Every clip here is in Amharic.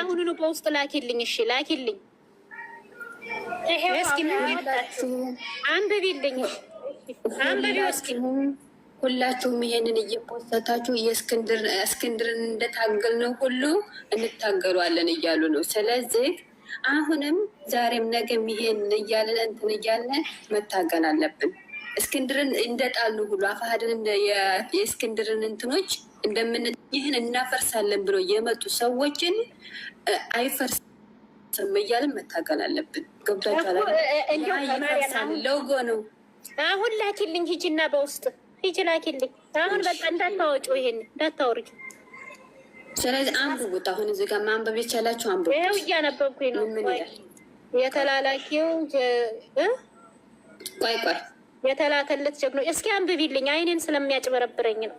አሁኑኑ በውስጥ ላኪልኝ። እሺ ላኪልኝ። እስኪ አንብቢልኝ፣ አንብቢ እስኪ ሁላችሁም ይሄንን እየፖሰታችሁ እስክንድርን ነው ሁሉ እንታገሏለን እያሉ ነው። ስለዚህ አሁንም ዛሬም ነገም ይሄን እያለን እንትን እያለን መታገል አለብን። እስክንድርን እንደጣሉ ሁሉ አፋሃድን የእስክንድርን እንትኖች እንደምን ይህን እናፈርሳለን ብሎ የመጡ ሰዎችን አይፈርስም እያልን መታገል አለብን። ገብቷችኋል? ሎጎ ነው። አሁን ላኪልኝ፣ ሂጂና በውስጥ ሂጂ ላኪልኝ። አሁን በቃ እንዳታወጩ፣ ይሄን እንዳታወርጅ። ስለዚህ አንብቡት። አሁን እዚህ ጋር ማንበብ የቻላችሁ አንብቡት። ይኸው እያነበብኩኝ ነው። የተላላኪው ቆይ ቆይ የተላከለት ጀግኖ፣ እስኪ አንብቢልኝ፣ አይኔን ስለሚያጭበረብረኝ ነው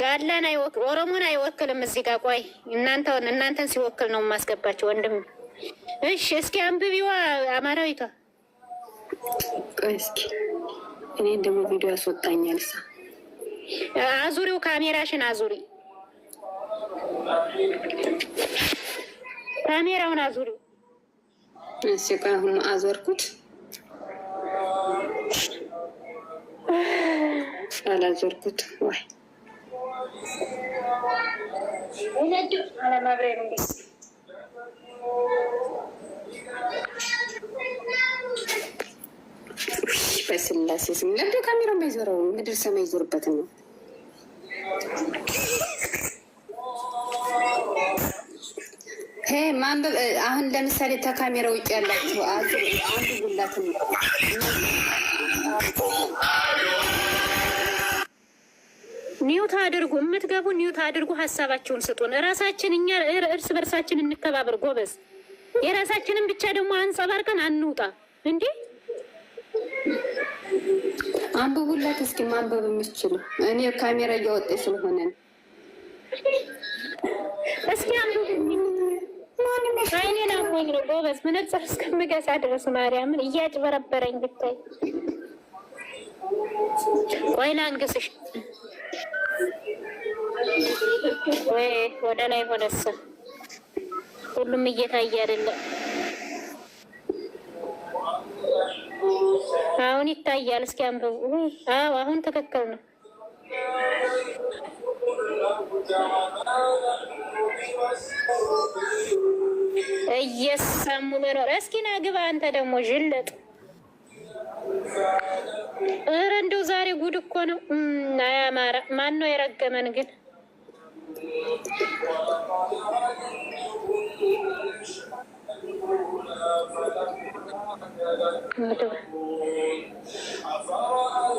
ጋላን አይወክ ኦሮሞን አይወክልም። እዚህ ጋር ቆይ እናንተውን እናንተን ሲወክል ነው የማስገባቸው ወንድም። እሺ እስኪ አንብቢዋ አማራዊቷ ቆይ እስኪ እኔ ደግሞ ቪዲዮ ያስወጣኛል። ሳ አዙሪው ካሜራሽን አዙሪ፣ ካሜራውን አዙሪው። እሺ ቆይ አሁን አዞርኩት። አላዞርኩት ወይ በስላሴ ስም ካሜራ የማይዞረው ምድር ሰማይ ይዞርበትን ነው። ማንበብ አሁን ለምሳሌ ተካሜራ ውጭ ያላችሁ አንዱ ሁላትም ኒውት አድርጉ፣ የምትገቡ ኒውት አድርጉ፣ ሀሳባችሁን ስጡን። እራሳችን እኛ እርስ በርሳችን እንከባበር ጎበዝ። የራሳችንን ብቻ ደግሞ አንጸባርቀን አንውጣ እንዴ። አንብቡላት እስኪ ማንበብ የምትችሉ እኔ ካሜራ እያወጣ ስለሆነ እስኪ አንብቡ። አይኔን ነው ጎበዝ። መነጽር እስከምገዛ ድረስ ማርያምን እያጭበረበረኝ ብታይ ቆይ ላንግስሽ ወይ ወደ ላይ ሆነሰ ሁሉም እየታየ አይደለም። አሁን ይታያል። እስኪ አንብቡ። አዎ አሁን ትክክል ነው። እየሰሙ ነው። እስኪ ና ግባ አንተ ደግሞ ዥለጥ እረ እንደው ዛሬ ጉድ እኮ ነው። አያማረ ማን ነው የረገመን ግን?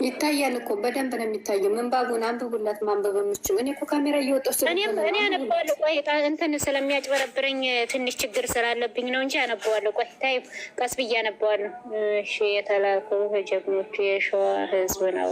ይታያል እኮ በደንብ ነው የሚታየው። ምንባቡን አንብቡላት፣ ማንበብ የምችው እኔ እኮ ካሜራ እየወጣሁ እኔ አነበዋለሁ። ቆይ እንትን ስለሚያጭበረብረኝ ትንሽ ችግር ስላለብኝ ነው እንጂ አነበዋለሁ። ቆይ ታይ፣ ቀስ ብዬ አነበዋለሁ። እሺ። የተላኩ ጀግኖቹ የሸዋ ህዝብ ነው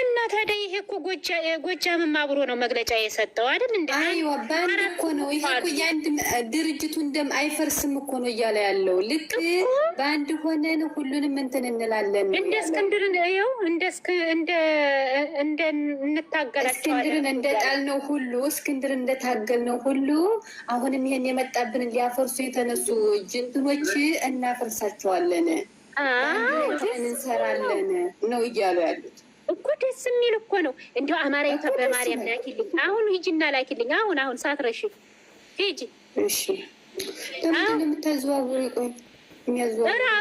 እና ታዲያ ይሄ እኮ ጎጃምም አብሮ ነው መግለጫ የሰጠው አይደል? እንደ በአንድ እኮ ነው ይሄ እኮ የአንድ ድርጅቱ እንደም አይፈርስም እኮ ነው እያለ ያለው ልክ በአንድ ሆነን ሁሉንም እንትን እንላለን። እንደ እስክንድርን ይኸው እንደ እንታገላቸዋለን እስክንድርን እንደ ጣል ነው ሁሉ እስክንድርን እንደ ታገል ነው ሁሉ አሁንም ይሄን የመጣብን ሊያፈርሱ የተነሱ ጅንትኖች እናፈርሳቸዋለን። እንሰራለን ነው እያሉ ያሉት እኮ ደስ የሚል እኮ ነው። እንዲሁ አማራኝ በማርያም ላኪልኝ፣ አሁን ሂጂና ላኪልኝ። አሁን አሁን ሂጂ።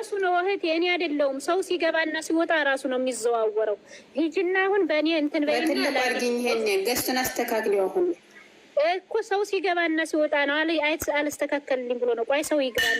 ነው እኔ አይደለውም ሰው ሲገባና ሲወጣ ራሱ ነው የሚዘዋወረው። ሂጂና አሁን በእኔ እንትን በትልባርግኝ ገስቱን አሁን እኮ ሰው ሲገባና ሲወጣ ነው አልስተካከልልኝ ብሎ ነው። ቆይ ሰው ይገባል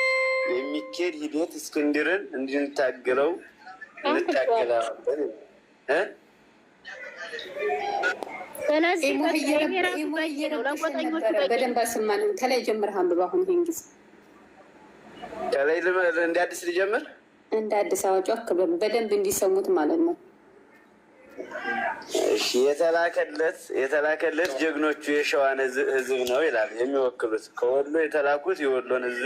የሚካሄድ ሂደት እስክንድርን እንድንታገለው እንታገላለን። ስለዚህ ከላይ ጀምር አንብብ። አሁን ይሄን ጊዜ ከላይ እንደ አዲስ ልጀምር፣ እንደ አዲስ አዋጭ በደንብ እንዲሰሙት ማለት ነው። የተላከለት የተላከለት ጀግኖቹ የሸዋን ህዝብ ነው ይላል። የሚወክሉት ከወሎ የተላኩት የወሎን ህዝብ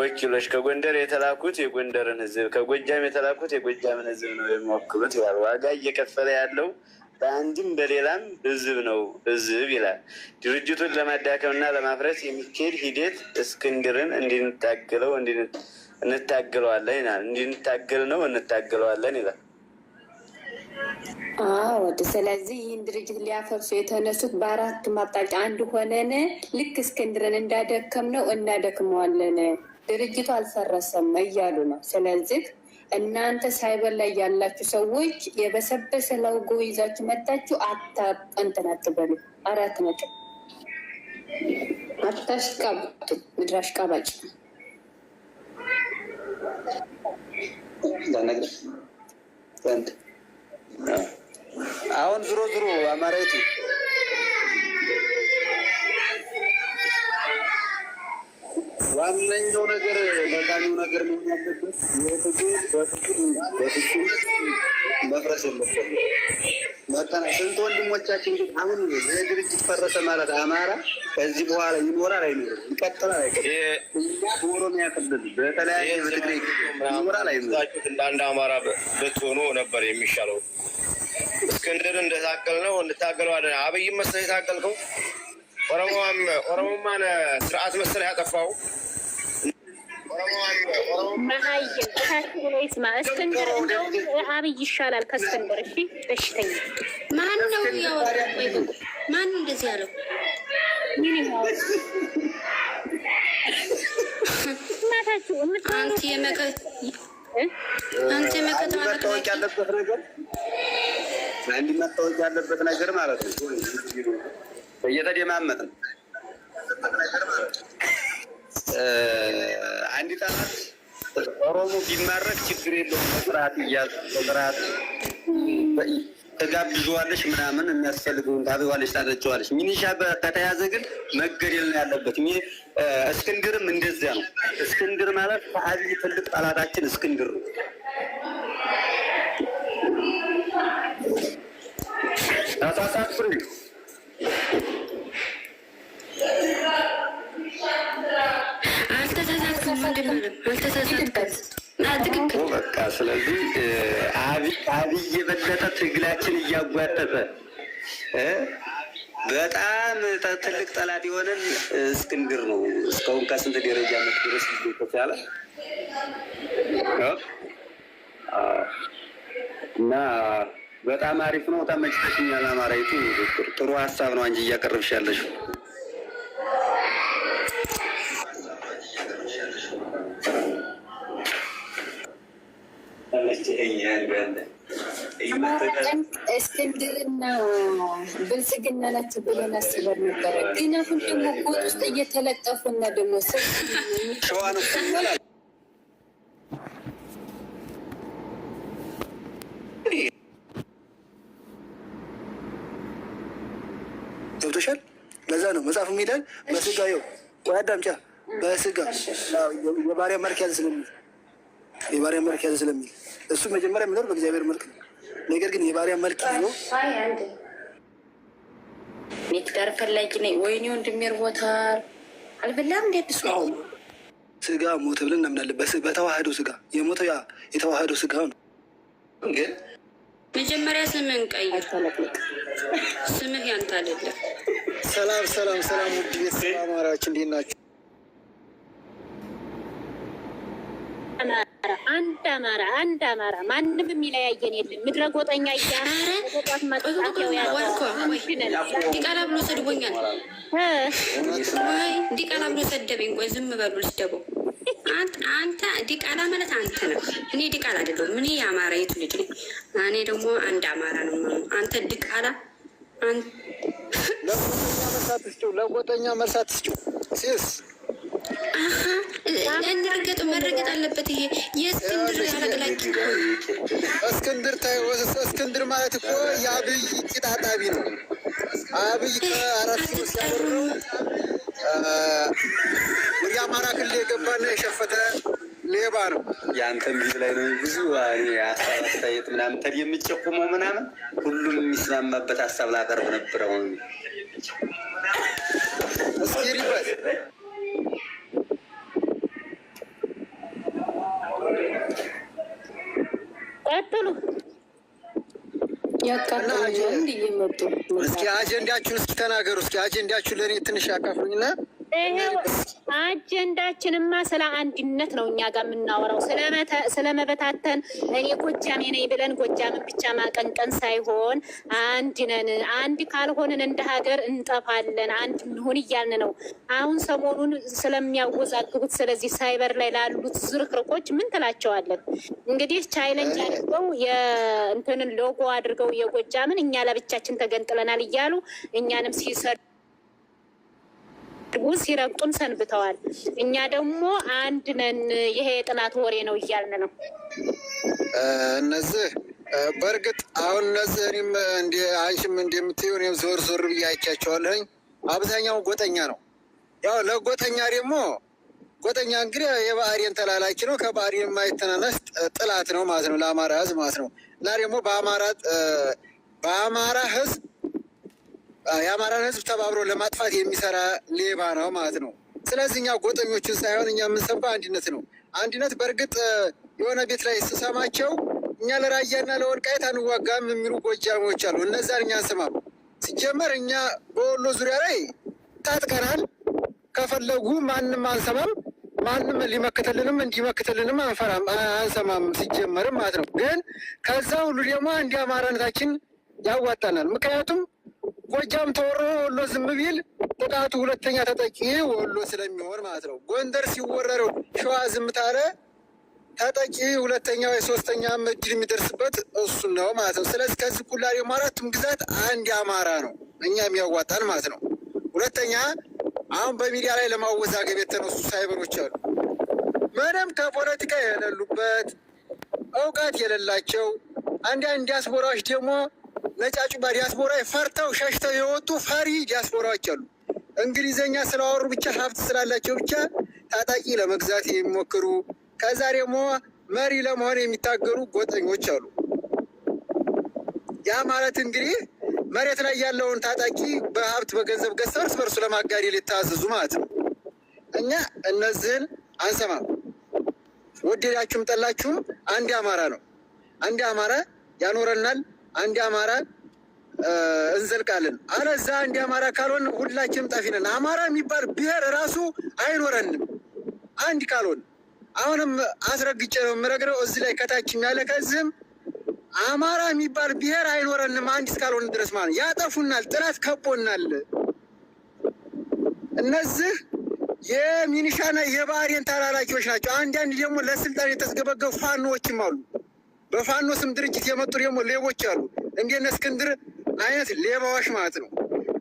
ወኪሎች፣ ከጎንደር የተላኩት የጎንደርን ህዝብ፣ ከጎጃም የተላኩት የጎጃምን ህዝብ ነው የሚወክሉት ይላል። ዋጋ እየከፈለ ያለው በአንድም በሌላም ህዝብ ነው ህዝብ ይላል። ድርጅቱን ለማዳከምና ለማፍረስ የሚካሄድ ሂደት እስክንድርን እንድንታገለው እንድንታገለዋለን ይላል። እንድንታገል ነው እንታገለዋለን ይላል። አዎ ስለዚህ ይህን ድርጅት ሊያፈርሱ የተነሱት በአራት ማጣቂ አንድ ሆነን ልክ እስክንድርን እንዳደከም ነው እናደክመዋለን፣ ድርጅቱ አልፈረሰም እያሉ ነው። ስለዚህ እናንተ ሳይበር ላይ ያላችሁ ሰዎች የበሰበሰ ለውጎ ይዛችሁ መታችሁ አታ አትበሉ። አራት ነጥብ አታሽቃባጡ፣ ምድር አሽቃባጭ ዘንድ አሁን ዝሮ ዝሮ አማራዊቱ ዋነኛው ነገር በጣሚው ነገር መሆን ያለበት በፍጹም መፍረስ የለበት መጠና ስንት ወንድሞቻችን ግን አሁን ይህ ድርጅት ፈረሰ ማለት አማራ ከዚህ በኋላ ይኖራል አይኖርም፣ ይቀጥላል አይቀርም። እኛ በኦሮሚያ ክልል በተለያየ በትግራይ ይኖራል አይኖርም። እንደ አንድ አማራ ብትሆኑ ነበር የሚሻለው። እስክንድር እንደታቀል ነው እንታገለው አለ። አብይም መሰለህ የታቀልከው ኦሮሞማን ስርዓት መሰለህ ያጠፋው አብይ ይሻላል አንተ አንድ መታወቅ ያለበት ነገር ማለት ነው። እየተደማመጥ ነው። አንድ ጠላት ኦሮሞ ቢማረክ ችግር የለውም። በስርዓት እያዙ በስርዓት ተጋብዘዋለች ምናምን የሚያስፈልገውን ታብዋለች፣ ታጠጨዋለች። ሚኒሻ ከተያዘ ግን መገደል ነው ያለበት። እስክንድርም እንደዚያ ነው። እስክንድር ማለት ከአብይ ትልቅ ጠላታችን እስክንድር ነው። በቃ ስለዚህ አብይ የበለጠ ትግላችን እያጓተተ በጣም ትልቅ ጠላት የሆነን እስክንድር ነው። እስካሁን ከስንት ደረጃ መድረስ ያለ እና በጣም አሪፍ ነው። ተመችቶኛል። አማራዊቱ ጥሩ ሀሳብ ነው አንጂ እያቀረብሽ ያለሽ እስክንድርና ብልጽግና ናቸው ብለን አስበር ነበረ። ግን አሁን ደግሞ ጎጥ ውስጥ እየተለጠፉና ደግሞ ሰው ስለሚለን በስጋ ይኸው አዳምጫ በስጋ የባሪያ መልክ ያዘ ስለሚል የባሪያ መልክ ያዘ ስለሚል እሱ መጀመሪያ የሚኖር በእግዚአብሔር መልክ ነው። ነገር ግን የባሪያ መልክ ነው። ቤት ፈላጊ ነኝ ወይኔ ወንድሜ እርቦታል አልበላም እንዴት ሱ ስጋ ሞተ ብለን እናምናለን። በተዋህዶ ስጋ የሞተው ያ የተዋህዶ ስጋ ነው። ግን መጀመሪያ ስምን ቀይር ስምህ ያንተ አይደለም። ሰላም ሰላም ሰላም፣ ውድ ቤት አማራዎች እንዴት ናቸው? አንድ አማራ አንድ አማራ ማንም የሚለያየን የለም። ምድረ ጎጠኛ እያረቆጣትመጣዲቃላ ብሎ ሰድቦኛል። እንዲቃላ ብሎ ሰደበኝ። ቆይ ዝም በሉ ልስደበው አንተ ዲቃላ ማለት አንተ ነው። እኔ ዲቃላ አይደለሁም። እኔ የአማራ የቱ ልጅ ነኝ። እኔ ደግሞ አንድ አማራ ነው። አንተ ዲቃላ ለጎጠኛ መርሳት ስጭው ሲስ እንርገጥ መረገጥ አለበት። ይሄ የእስክንድር ያረግላቂ እስክንድር እስክንድር ማለት እኮ የአብይ ጭጣጣቢ ነው። አብይ ከአራት ሲያደርገው አማራ ክልል የገባና የሸፈተ ሌባ ነው። ያንተም ዚ ላይ ነው ብዙ ሀሳብ አስተያየት ምናምን ተብ የምጨቁመው ምናምን ሁሉም የሚስማማበት ሀሳብ ላቀርብ ነበር። አሁን እስኪሪበት ቀጥሉ። እስኪ አጀንዳችሁን እስኪ ተናገሩ። እስኪ አጀንዳችሁን ለእኔ ትንሽ ያካፍሉኝና አጀንዳችንማ ስለ አንድነት ነው እኛ ጋር የምናወራው ስለመበታተን። እኔ ጎጃሜ ነኝ ብለን ጎጃምን ብቻ ማቀንቀን ሳይሆን አንድ ነን፣ አንድ ካልሆንን እንደ ሀገር እንጠፋለን፣ አንድ እንሁን እያልን ነው። አሁን ሰሞኑን ስለሚያወዛግቡት ስለዚህ ሳይበር ላይ ላሉት ዝርክርቆች ምን ትላቸዋለን? እንግዲህ ቻይለንጅ አድርገው የእንትንን ሎጎ አድርገው የጎጃምን እኛ ለብቻችን ተገንጥለናል እያሉ እኛንም ሲሰድ ሲያደርጉን ሲረግጡን ሰንብተዋል። እኛ ደግሞ አንድ ነን፣ ይሄ የጥላት ወሬ ነው እያልን ነው። እነዚህ በእርግጥ አሁን እነዚህ እኔም አንቺም እንደምትይው እኔም ዞር ዞር ብዬ አይቻቸዋለሁኝ። አብዛኛው ጎጠኛ ነው። ያው ለጎጠኛ ደግሞ ጎጠኛ እንግዲህ የባህሪን ተላላኪ ነው። ከባህሬን የማይተናነስ ጥላት ነው ማለት ነው፣ ለአማራ ህዝብ ማለት ነው እና ደግሞ በአማራ በአማራ ህዝብ የአማራን ህዝብ ተባብሮ ለማጥፋት የሚሰራ ሌባ ነው ማለት ነው። ስለዚህ እኛ ጎጠኞችን ሳይሆን እኛ የምንሰብከው አንድነት ነው። አንድነት በእርግጥ የሆነ ቤት ላይ ስሰማቸው እኛ ለራያና ለወልቃይት አንዋጋም የሚሉ ጎጃሚዎች አሉ። እነዛን እኛ አንሰማም። ሲጀመር እኛ በወሎ ዙሪያ ላይ ታጥቀናል። ከፈለጉ ማንም አንሰማም። ማንም ሊመክትልንም እንዲመክትልንም አንፈራም፣ አንሰማም ሲጀመርም ማለት ነው። ግን ከዛ ሁሉ ደግሞ እንዲ አማራነታችን ያዋጣናል። ምክንያቱም ጎጃም ተወሮ ወሎ ዝም ቢል ጥቃቱ ሁለተኛ ተጠቂ ወሎ ስለሚሆን ማለት ነው። ጎንደር ሲወረረው ሸዋ ዝም ታለ ተጠቂ ሁለተኛ ወይ ሶስተኛ እድል የሚደርስበት እሱ ነው ማለት ነው። ስለዚህ ከዚህ ኩላሪ አራቱም ግዛት አንድ አማራ ነው፣ እኛ የሚያዋጣን ማለት ነው። ሁለተኛ አሁን በሚዲያ ላይ ለማወዛገብ የተነሱ ሳይበሮች አሉ። ምንም ከፖለቲካ የሌሉበት እውቀት የሌላቸው አንዳንድ ዲያስፖራዎች ደግሞ ነጫጩባ ዲያስፖራ ፈርተው ሸሽተው የወጡ ፈሪ ዲያስፖራዎች አሉ። እንግሊዘኛ ስላወሩ ብቻ ሀብት ስላላቸው ብቻ ታጣቂ ለመግዛት የሚሞክሩ ከዛ ደግሞ መሪ ለመሆን የሚታገሩ ጎጠኞች አሉ። ያ ማለት እንግዲህ መሬት ላይ ያለውን ታጣቂ በሀብት በገንዘብ ገዝተው እርስ በርሱ ለማጋደል ማለት ነው። እኛ እነዚህን አንሰማም። ወደዳችሁም ጠላችሁም አንድ አማራ ነው። አንድ አማራ ያኖረናል። አንድ አማራ እንዘልቃለን። አለዛ አንድ አማራ ካልሆን ሁላችንም ጠፊ ነን። አማራ የሚባል ብሔር ራሱ አይኖረንም አንድ ካልሆን። አሁንም አስረግጬ ነው የምረግረው እዚህ ላይ ከታች ያለ ከዚህም አማራ የሚባል ብሔር አይኖረንም አንድ እስካልሆን ድረስ ማለት ያጠፉናል። ጥላት ከቦናል። እነዚህ የሚኒሻና የባህሬን ተላላኪዎች ናቸው። አንዳንድ ደግሞ ለስልጣን የተስገበገቡ ፋኖዎችም አሉ። በፋኖ ስም ድርጅት የመጡ ደግሞ ሌቦች አሉ። እንደነ እስክንድር አይነት ሌባዎች ማለት ነው።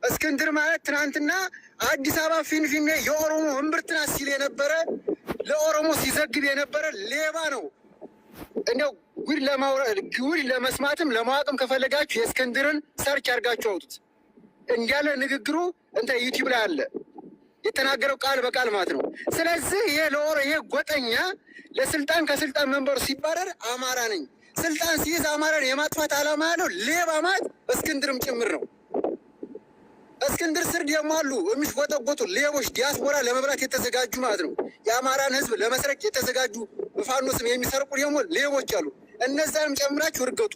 እስክንድር ማለት ትናንትና አዲስ አበባ ፊንፊኔ የኦሮሞ እምብርትና ሲል የነበረ ለኦሮሞ ሲዘግብ የነበረ ሌባ ነው። እንደው ጉድ ለመስማትም ለማወቅም ከፈለጋችሁ የእስክንድርን ሰርች አድርጋችሁ አውጡት። እንዲያለ ንግግሩ እንተ ዩቲዩብ ላይ አለ የተናገረው ቃል በቃል ማለት ነው። ስለዚህ ይሄ ለኦሮ ይሄ ጎጠኛ ለስልጣን ከስልጣን መንበሩ ሲባረር አማራ ነኝ ስልጣን ሲይዝ አማራን የማጥፋት አላማ ያለው ሌባ ማለት እስክንድርም ጭምር ነው። እስክንድር ስር ደግሞ አሉ የሚሽቆጠቆጡ ሌቦች ዲያስፖራ ለመብላት የተዘጋጁ ማለት ነው። የአማራን ህዝብ ለመስረቅ የተዘጋጁ በፋኖ ስም የሚሰርቁ ደግሞ ሌቦች አሉ። እነዛንም ጨምራችሁ እርገጡ፣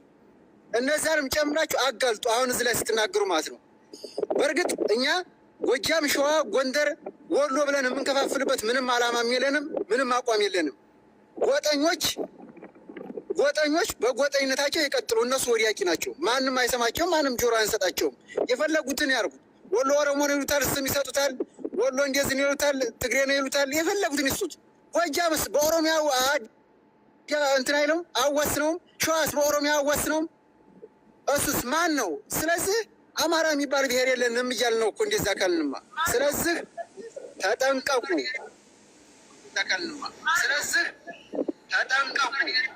እነዛንም ጨምራችሁ አጋልጡ። አሁን እዚህ ላይ ስትናገሩ ማለት ነው። በእርግጥ እኛ ጎጃም፣ ሸዋ፣ ጎንደር፣ ወሎ ብለን የምንከፋፍልበት ምንም ዓላማም የለንም፣ ምንም አቋም የለንም። ጎጠኞች ጎጠኞች በጎጠኝነታቸው የቀጥሉ። እነሱ ወዲያቂ ናቸው። ማንም አይሰማቸውም። ማንም ጆሮ አንሰጣቸውም። የፈለጉትን ያርጉ። ወሎ ኦሮሞን ይሉታል፣ ስም ይሰጡታል። ወሎ እንደዚህ ይሉታል፣ ትግሬ ነው ይሉታል። የፈለጉትን ይሱት። ጎጃምስ በኦሮሚያ እንትን አይለውም፣ አዋስነውም። ሸዋስ በኦሮሚያ አዋስነውም። እሱስ ማን ነው? ስለዚህ አማራ የሚባል ብሔር የለንም እያልን ነው እኮ እንደዛ አካልንማ። ስለዚህ ተጠንቀቁ። ስለዚህ ተጠንቀቁ።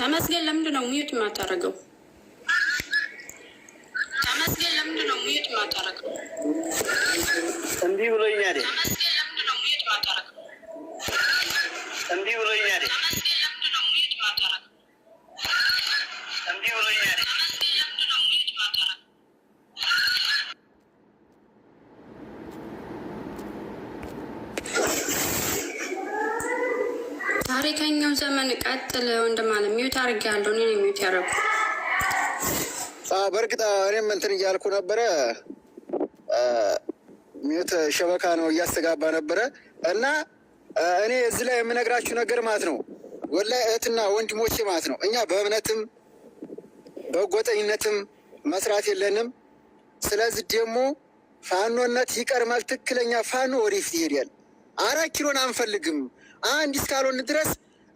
ተመስገን ለምንድን ነው ሚዩት የማታደርገው? ተመስገን ለምንድን ነው ሚዩት የማታደርገው? እንዲህ ብሎኛል። የሚያደርጉ በእርግጥ እኔም እንትን እያልኩ ነበረ ሚት ሸበካ ነው እያስተጋባ ነበረ እና እኔ እዚህ ላይ የምነግራችሁ ነገር ማለት ነው ወላሂ እህትና ወንድሞቼ ማለት ነው እኛ በእምነትም በጎጠኝነትም መስራት የለንም። ስለዚህ ደግሞ ፋኖነት ይቀርማል። ትክክለኛ ፋኖ ወደፊት ይሄዳል። አራት ኪሎን አንፈልግም። አንድ እስካልሆን ድረስ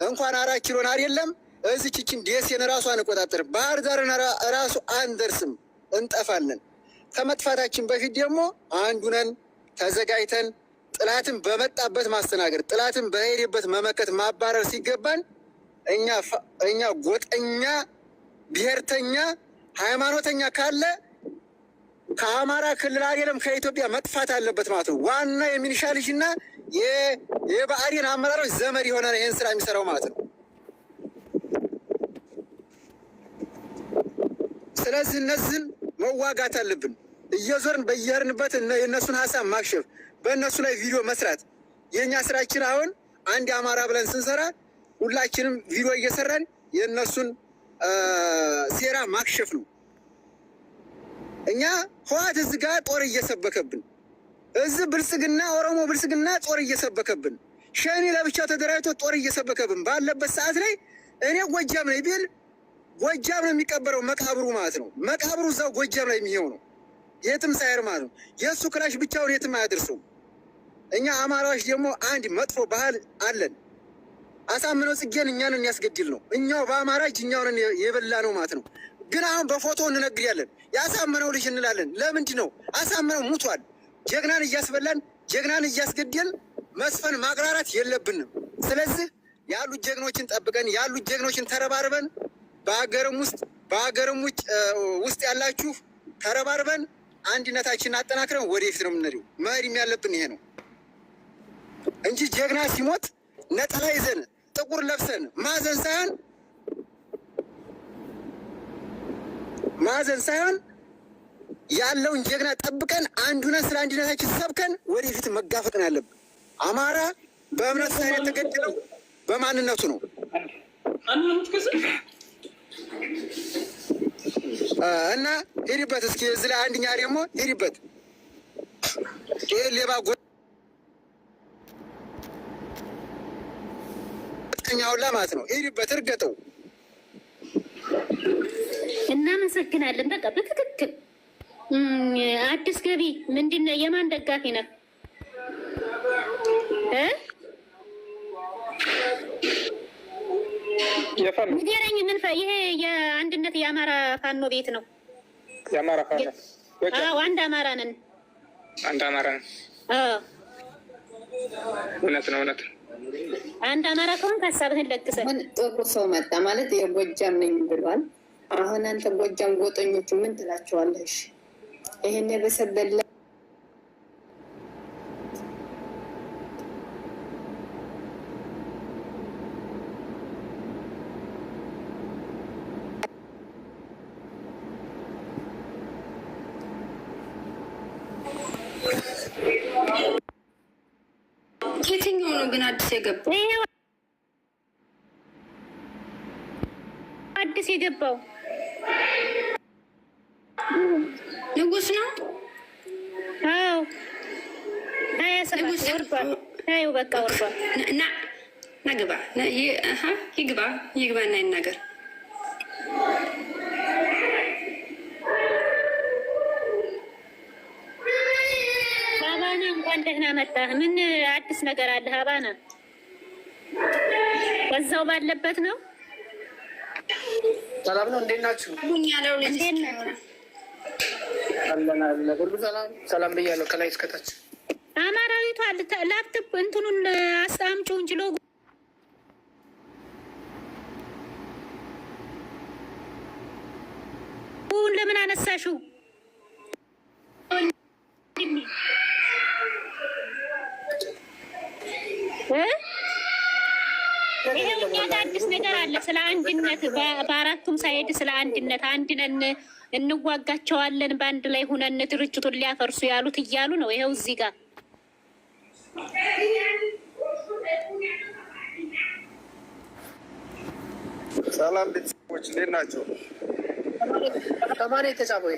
እንኳን አራት ኪሎን አይደለም እዚች ኪም ደሴን ራሱ አንቆጣጠርም፣ ባህር ዳርን ራሱ አንደርስም፣ እንጠፋለን። ከመጥፋታችን በፊት ደግሞ አንዱነን ተዘጋጅተን ጥላትን በመጣበት ማስተናገድ፣ ጥላትን በሄደበት መመከት፣ ማባረር ሲገባን እኛ ጎጠኛ፣ ብሔርተኛ፣ ሃይማኖተኛ ካለ ከአማራ ክልል አይደለም ከኢትዮጵያ መጥፋት አለበት ማለት ነው። ዋና የሚኒሻ ልጅና የብአዴን አመራሮች ዘመድ የሆነ ይህን ስራ የሚሰራው ማለት ነው። ስለዚህ እነዚህን መዋጋት አለብን። እየዞርን በየርንበት የእነሱን ሀሳብ ማክሸፍ፣ በእነሱ ላይ ቪዲዮ መስራት የእኛ ስራችን አሁን አንድ አማራ ብለን ስንሰራ ሁላችንም ቪዲዮ እየሰራን የእነሱን ሴራ ማክሸፍ ነው። እኛ ህዋት እዚህ ጋር ጦር እየሰበከብን፣ እዚህ ብልጽግና ኦሮሞ ብልጽግና ጦር እየሰበከብን፣ ሸኔ ለብቻው ተደራጅቶ ጦር እየሰበከብን ባለበት ሰዓት ላይ እኔ ጎጃም ነኝ ቢል ጎጃም ነው የሚቀበረው መቃብሩ ማለት ነው። መቃብሩ እዛው ጎጃም ላይ የሚሄው ነው። የትም ሳይር ማለት ነው። የእሱ ክላሽ ብቻውን የትም አያደርሱም። እኛ አማራዎች ደግሞ አንድ መጥፎ ባህል አለን። አሳምነው ጽጌን እኛን የሚያስገድል ነው። እኛው በአማራ እጅ እኛውን የበላ ነው ማለት ነው። ግን አሁን በፎቶ እንነግዳለን። የአሳምነው ልጅ እንላለን። ለምንድን ነው አሳምነው ሙቷል። ጀግናን እያስበላን ጀግናን እያስገድል መስፈን ማቅራራት የለብንም። ስለዚህ ያሉት ጀግኖችን ጠብቀን ያሉት ጀግኖችን ተረባርበን በሀገርም ውስጥ በሀገርም ውስጥ ያላችሁ ተረባርበን አንድነታችንን አጠናክረን ወደፊት ነው የምንሄደው። መሄድም ያለብን ይሄ ነው እንጂ ጀግና ሲሞት ነጠላ ይዘን ጥቁር ለብሰን ማዘን ሳይሆን ማዘን ሳይሆን ያለውን ጀግና ጠብቀን አንዱነ ስለ አንድነታችን ሰብከን ወደፊት መጋፈጥ ነው ያለብን። አማራ በእምነት ሳይሆን የተገደለው በማንነቱ ነው። እና ሂድበት እስኪ እዚህ ላይ አንድኛ ደግሞ ሂድበት ይህ ሌባ ጎኛውን ለማለት ነው። ሂድበት እርገጠው። እናመሰግናለን። በቃ በትክክል አዲስ ገቢ ምንድን ነው? የማን ደጋፊ ነው? ንገረኝ። ምን ይሄ የአንድነት የአማራ ፋኖ ቤት ነው? የአማራ ፋኖ አንድ አማራ ነን፣ አንድ አማራ ነን። እውነት ነው፣ እውነት ነው። አንድ አማራ ከሆንክ ሀሳብህን ለግሰህ። ጥሩ ሰው መጣ ማለት የጎጃም ነኝ ብሏል። አሁን አንተ ጎጃም ጎጠኞቹ ምን ትላቸዋለሽ? ይህን የበሰበለ የገባው? አዲስ የገባው ንጉስ ነው። አዎ በቃ ወርዷል። ነግባ ይግባ ይግባና ይናገር። ሀባና እንኳን ደህና መጣህ። ምን አዲስ ነገር አለ ሀባና? እዛው ባለበት ነው። ሰላም ነው። እንዴት ናችሁ? ሰላም ብያለሁ። ከላይ እስከታች አማራዊቷ ላፕቶፕ እንትኑን አስጣምጪው እንጂ ሎጎ ለምን አነሳሽው? ስለ አንድነት በአራቱም ሳይድ ስለ አንድነት አንድነን እንዋጋቸዋለን በአንድ ላይ ሁነን ድርጅቱን ሊያፈርሱ ያሉት እያሉ ነው። ይኸው እዚህ ጋር ሰላም ቤተሰቦች እንዴት ናቸው? ከማን የተጻፈው